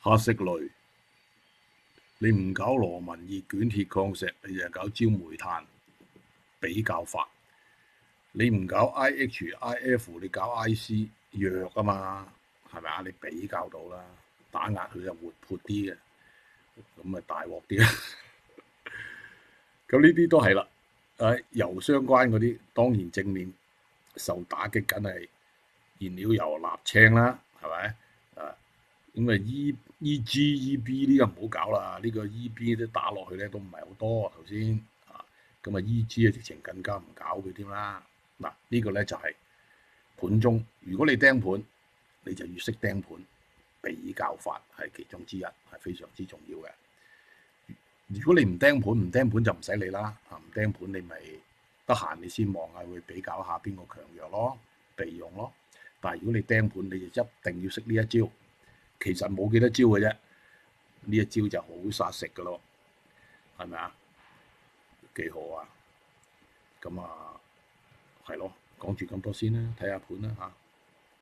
黑色類，你唔搞羅文熱卷鐵礦石，你又搞焦煤炭比較法。你唔搞 I H I F，你搞 I C 弱啊嘛，係咪啊？你比較到啦，打壓佢就活潑啲嘅，咁咪大鑊啲啦。咁呢啲都係啦，誒，油相關嗰啲當然正面受打擊，梗係燃料油、瀝青啦，係咪？咁啊，E E G E B 呢個唔好搞啦。呢、呢個 E B 啲打落去咧都唔係好多頭先啊。咁啊，E G 嘅直情更加唔搞佢添啦。嗱、啊，呢個、呢個咧就係、係、盤中，如果你盯盤，你就要識盯盤比較法係其中之一係非常之重要嘅。如果你唔盯盤，唔盯盤就唔使理啦。啊，唔盯盤你咪得閒你先望下，會比較下邊個強弱咯，備用咯。但係如果你盯盤，你就一定要識呢一招。其實冇幾多招嘅啫，呢一招就好殺食嘅咯，係咪啊？幾好啊！咁啊，係咯，講住咁多先啦，睇下盤啦嚇。